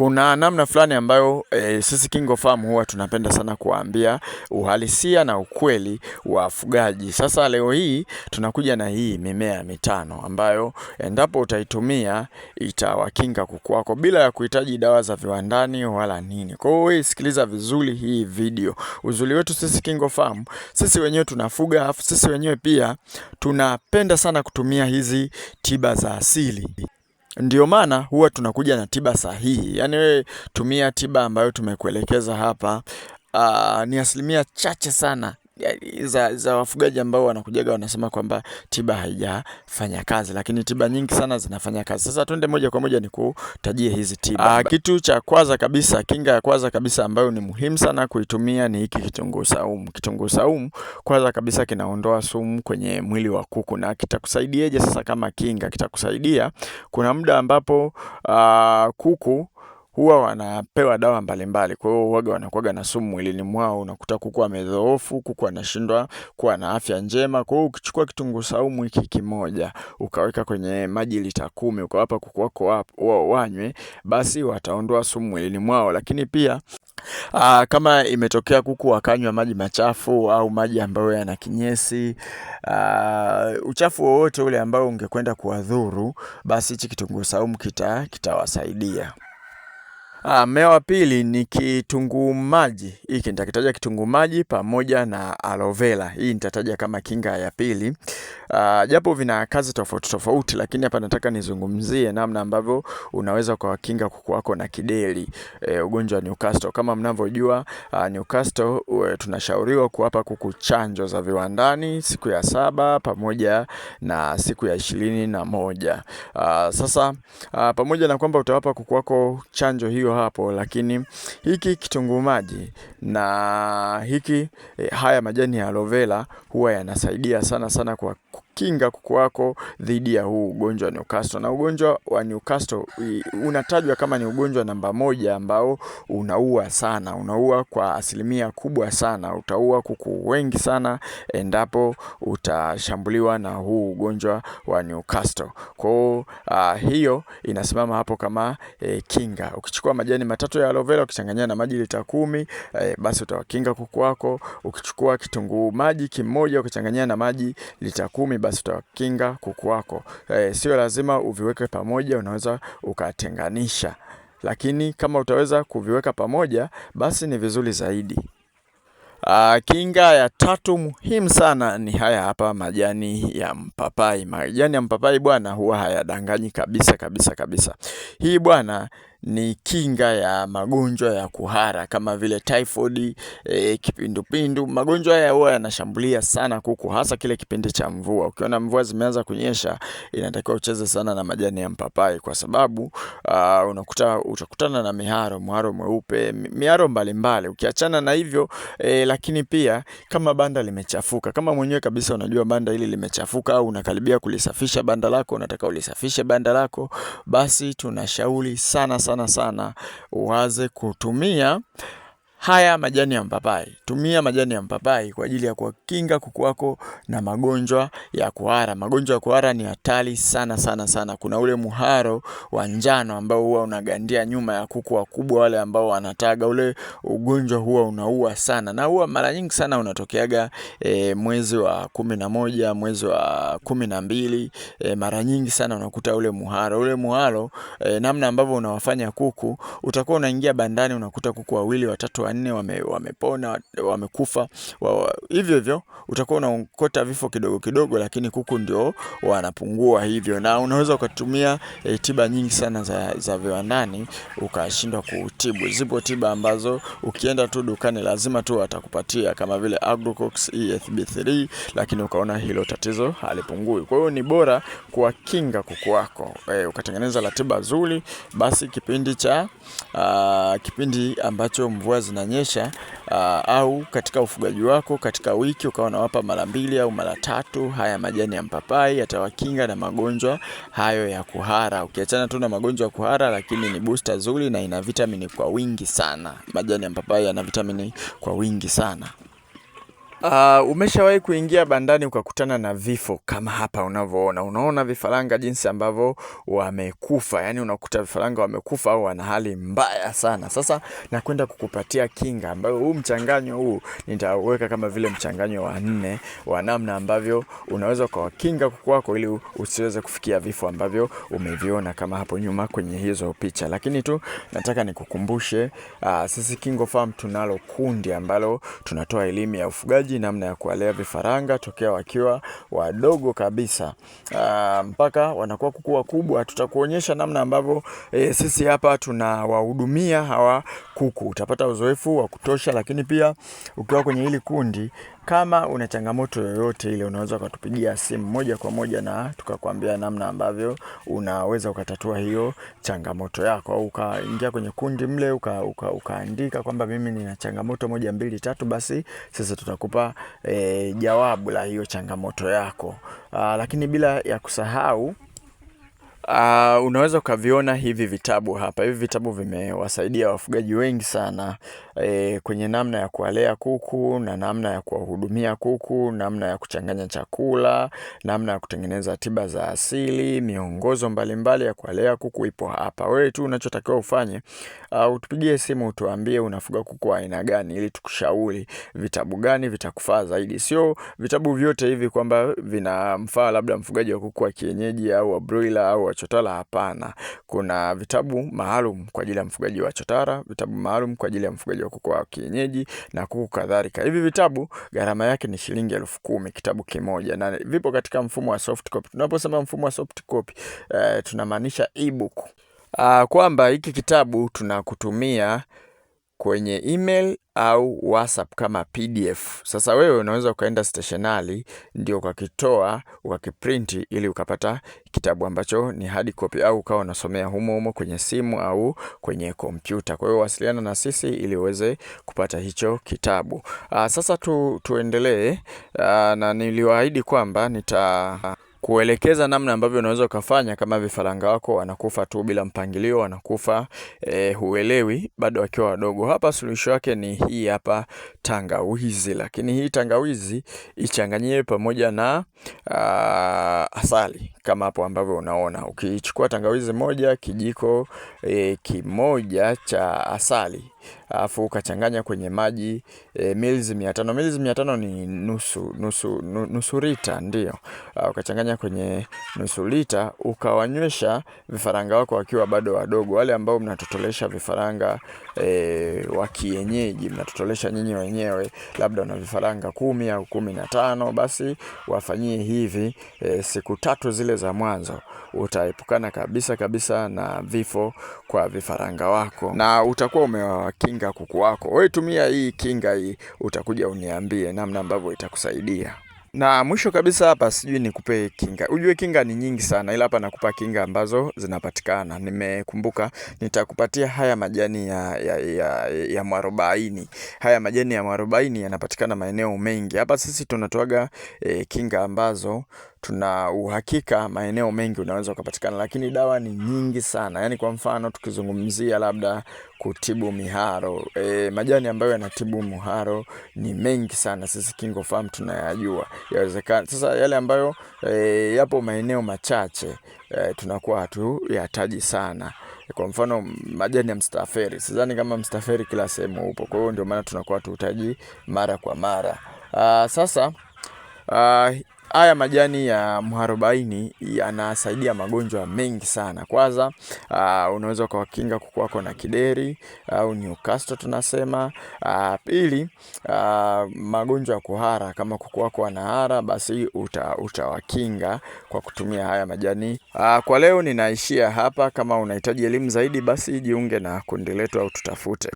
kuna namna fulani ambayo e, sisi Kingo Farm huwa tunapenda sana kuwaambia uhalisia na ukweli wa wafugaji. Sasa leo hii tunakuja na hii mimea mitano ambayo endapo utaitumia itawakinga kuku wako bila ya kuhitaji dawa za viwandani wala nini. Kwa hiyo wewe sikiliza vizuri hii video. Uzuri wetu sisi Kingo Farm, sisi wenyewe tunafuga afu sisi wenyewe pia tunapenda sana kutumia hizi tiba za asili ndio maana huwa tunakuja na tiba sahihi, yaani wewe tumia tiba ambayo tumekuelekeza hapa. Ni asilimia chache sana za, za wafugaji ambao wanakujaga wanasema kwamba tiba haijafanya kazi, lakini tiba nyingi sana zinafanya kazi. Sasa tuende moja kwa moja nikutajie hizi tiba. Aa, ah, kitu cha kwanza kabisa, kinga ya kwanza kabisa ambayo ni muhimu sana kuitumia ni hiki kitunguu saumu. Kitunguu saumu kwanza kabisa kinaondoa sumu kwenye mwili wa kuku, na kitakusaidiaje sasa kama kinga? Kitakusaidia, kuna muda ambapo aa, ah, kuku huwa wanapewa dawa mbalimbali. Kwa hiyo huwaga wanakuwaga na sumu mwilini mwao, unakuta kuku amedhoofu, kuku anashindwa kuwa na afya njema. Kwa hiyo ukichukua kitunguu saumu hiki kimoja ukaweka kwenye maji lita kumi ukawapa kuku wako wao wanywe, basi wataondoa sumu mwilini mwao, lakini pia Aa, kama imetokea kuku wakanywa maji machafu au maji ambayo yana kinyesi, uchafu wowote ule ambao ungekwenda kuwadhuru, basi hichi kitunguu saumu kita kitawasaidia Ah, mmea wa pili ni kitunguu maji. Hiki nitakitaja kitunguu maji pamoja na aloe vera. Hii nitataja kama kinga ya pili. Uh, japo vina kazi tofauti tofauti, lakini hapa nataka nizungumzie namna ambavyo unaweza ukawakinga kuku wako na kideli e, eh, ugonjwa wa Newcastle. Kama mnavyojua uh, Newcastle tunashauriwa kuwapa kuku chanjo za viwandani siku ya saba pamoja na siku ya ishirini na moja. Uh, sasa uh, pamoja na kwamba utawapa kuku wako chanjo hiyo hapo, lakini hiki kitunguu maji na hiki eh, haya majani ya aloe vera huwa yanasaidia sana sana kwa 콕 kukinga kuku wako dhidi ya huu ugonjwa wa Newcastle. Na ugonjwa wa Newcastle unatajwa kama ni ugonjwa namba moja ambao unaua sana, unaua kwa asilimia kubwa sana. Utaua kuku wengi sana endapo utashambuliwa na huu ugonjwa wa Newcastle. Kwa uh, hiyo inasimama hapo kama eh, kinga. Ukichukua majani matatu ya aloe vera ukichanganya na maji lita kumi eh, basi utawakinga kuku wako. Ukichukua kitunguu maji kimoja ukichanganya na maji lita kumi basi basi utakinga kuku wako. E, sio lazima uviweke pamoja, unaweza ukatenganisha, lakini kama utaweza kuviweka pamoja basi ni vizuri zaidi. A, ah, kinga ya tatu muhimu sana ni haya hapa majani ya mpapai. Majani ya mpapai bwana, huwa hayadanganyi kabisa kabisa kabisa. Hii bwana ni kinga ya magonjwa ya kuhara kama vile typhoid, e, kipindupindu. Magonjwa haya huwa yanashambulia sana kuku, hasa kile kipindi cha mvua. Ukiona mvua zimeanza kunyesha, inatakiwa ucheze sana na majani ya mpapai kwa sababu uh, unakuta utakutana na miharo, mharo mweupe, miharo mbalimbali. Ukiachana na hivyo e, lakini pia kama banda limechafuka, kama mwenyewe kabisa unajua banda hili limechafuka au unakaribia kulisafisha banda lako, unataka ulisafishe banda lako, basi tunashauri sana sana sana sana uwaze kutumia Haya majani ya mpapai, tumia majani ya mpapai kwa ajili ya kuwakinga kuku wako na magonjwa ya kuhara. Magonjwa ya kuhara ni hatari sana sana sana. Kuna ule muharo wa njano ambao huwa unagandia nyuma ya kuku wakubwa wale ambao wanataga. Ule ugonjwa huwa unaua sana na huwa mara nyingi sana unatokeaga e, mwezi wa kumi na moja mwezi wa kumi na mbili e, mara nyingi sana unakuta ule muharo ule muharo e, namna ambavyo unawafanya kuku, utakuwa unaingia bandani unakuta kuku wawili watatu wanne wame, wamepona wamekufa hivyo hivyo, utakuwa unaokota vifo kidogo kidogo, lakini kuku ndio wanapungua hivyo, na unaweza ukatumia e, tiba nyingi sana za, za viwandani ukashindwa kutibu. Zipo tiba ambazo ukienda tu dukani lazima tu watakupatia kama vile Agrocox EFB3, lakini ukaona hilo tatizo halipungui. Kwa hiyo ni bora kuwakinga kuku wako e, ukatengeneza ratiba nzuri, basi kipindi cha aa, ah, kipindi ambacho mvua zina inanyesha uh, au katika ufugaji wako katika wiki ukawa unawapa mara mbili au mara tatu, haya majani ya mpapai yatawakinga na magonjwa hayo ya kuhara. Ukiachana tu na magonjwa ya kuhara, lakini ni booster zuri na ina vitamini kwa wingi sana. Majani ya mpapai yana vitamini kwa wingi sana. Uh, umeshawahi kuingia bandani ukakutana na vifo kama hapa unavyoona? Unaona vifaranga jinsi ambavyo wamekufa, yani unakuta vifaranga wamekufa au wana hali mbaya sana. Sasa nakwenda kukupatia kinga ambayo huu mchanganyo huu nitaweka kama vile mchanganyo wa nne wa namna ambavyo unaweza ukawakinga kuku wako ili usiweze kufikia vifo ambavyo umeviona kama hapo nyuma kwenye hizo picha. Lakini tu nataka nikukumbushe, uh, sisi KingoFarm tunalo kundi ambalo tunatoa elimu ya ufugaji maji, namna ya kuwalea vifaranga tokea wakiwa wadogo kabisa aa, ah, mpaka wanakuwa kuku wakubwa. Tutakuonyesha namna ambavyo e, sisi hapa tunawahudumia hawa kuku, utapata uzoefu wa kutosha, lakini pia ukiwa kwenye hili kundi kama una changamoto yoyote ile, unaweza ukatupigia simu moja kwa moja na tukakwambia namna ambavyo unaweza ukatatua hiyo changamoto yako, au ukaingia kwenye kundi mle ukaandika uka, uka kwamba mimi nina changamoto moja mbili tatu, basi sasa tutakupa e, jawabu la hiyo changamoto yako. Aa, ah, lakini bila ya kusahau Uh, unaweza ukaviona hivi vitabu hapa. Hivi vitabu vimewasaidia wafugaji wengi sana e, kwenye namna ya kuwalea kuku na namna ya kuwahudumia kuku, namna ya kuchanganya chakula, namna ya kutengeneza tiba za asili, miongozo mbalimbali mbali ya kuwalea kuku ipo hapa. Wewe tu unachotakiwa ufanye, uh, utupigie simu utuambie unafuga kuku wa aina gani, ili tukushauri vitabu gani vitakufaa zaidi. Sio vitabu vyote hivi kwamba vinamfaa labda mfugaji wa kuku wa kienyeji au wa broiler au wa chotara? Hapana, kuna vitabu maalum kwa ajili ya mfugaji wa chotara, vitabu maalum kwa ajili ya mfugaji wa kuku wa kienyeji na kuku kadhalika. Hivi vitabu gharama yake ni shilingi elfu kumi kitabu kimoja, na vipo katika mfumo wa soft copy. Tunaposema mfumo wa soft copy eh, tunamaanisha ebook. Uh, kwamba hiki kitabu tunakutumia kwenye email au WhatsApp kama PDF. Sasa wewe unaweza ukaenda stationari ndio ukakitoa ukakiprinti ili ukapata kitabu ambacho ni hard copy au ukawa unasomea humo humo kwenye simu au kwenye kompyuta. Kwa hiyo wasiliana na sisi ili uweze kupata hicho kitabu. Aa, ah, sasa tu, tuendelee ah, na niliwaahidi kwamba nita kuelekeza namna ambavyo unaweza ukafanya kama vifaranga wako wanakufa tu bila mpangilio, wanakufa e, huelewi bado wakiwa wadogo. Hapa suluhisho yake ni hii hapa tangawizi, lakini hii tangawizi ichanganyie pamoja na a, ah, asali kama hapo ambavyo unaona. Ukichukua tangawizi moja, kijiko e, kimoja cha asali alafu ukachanganya kwenye maji e, mils 500 mils 500 ni nusu nusu nusu lita ndio. Ah, ukachanganya kwenye nusu lita ukawanywesha vifaranga wako wakiwa bado wadogo, wale ambao mnatotolesha vifaranga e, wa kienyeji, mnatotolesha nyinyi wenyewe, labda na vifaranga kumi au kumi na tano, basi wafanyie hivi e, siku tatu zile za mwanzo, utaepukana kabisa kabisa na vifo kwa vifaranga wako na utakuwa umewa kinga kuku wako. Wewe tumia hii kinga hii, utakuja uniambie namna ambavyo itakusaidia. Na mwisho kabisa hapa, sijui nikupe kinga. Ujue kinga ni nyingi sana, ila hapa nakupa kinga ambazo zinapatikana. Nimekumbuka, nitakupatia haya majani ya, ya, ya, ya mwarobaini. Haya majani ya mwarobaini yanapatikana maeneo mengi. Hapa sisi tunatoaga e, kinga ambazo tuna uhakika maeneo mengi unaweza ukapatikana, lakini dawa ni nyingi sana. Yaani kwa mfano tukizungumzia labda kutibu miharo e, majani ambayo yanatibu muharo ni mengi sana, sisi Kingo KingoFarm tunayajua, yawezekana. Sasa yale ambayo e, yapo maeneo machache e, tunakuwa hatuyataji sana kwa mfano majani ya mstaferi, sidhani kama mstaferi kila sehemu upo, kwa hiyo ndio maana tunakuwa tuutaji mara kwa mara. Aa, ah, sasa aa, ah, Haya majani ya mharobaini yanasaidia magonjwa mengi sana. Kwanza uh, unaweza ukawakinga kuku wako na kideri au uh, Newcastle tunasema. Uh, pili uh, magonjwa ya kuhara, kama kuku wako wanahara, basi utawakinga uta kwa kutumia haya majani. Uh, kwa leo ninaishia hapa. Kama unahitaji elimu zaidi, basi jiunge na kundi letu au tutafute.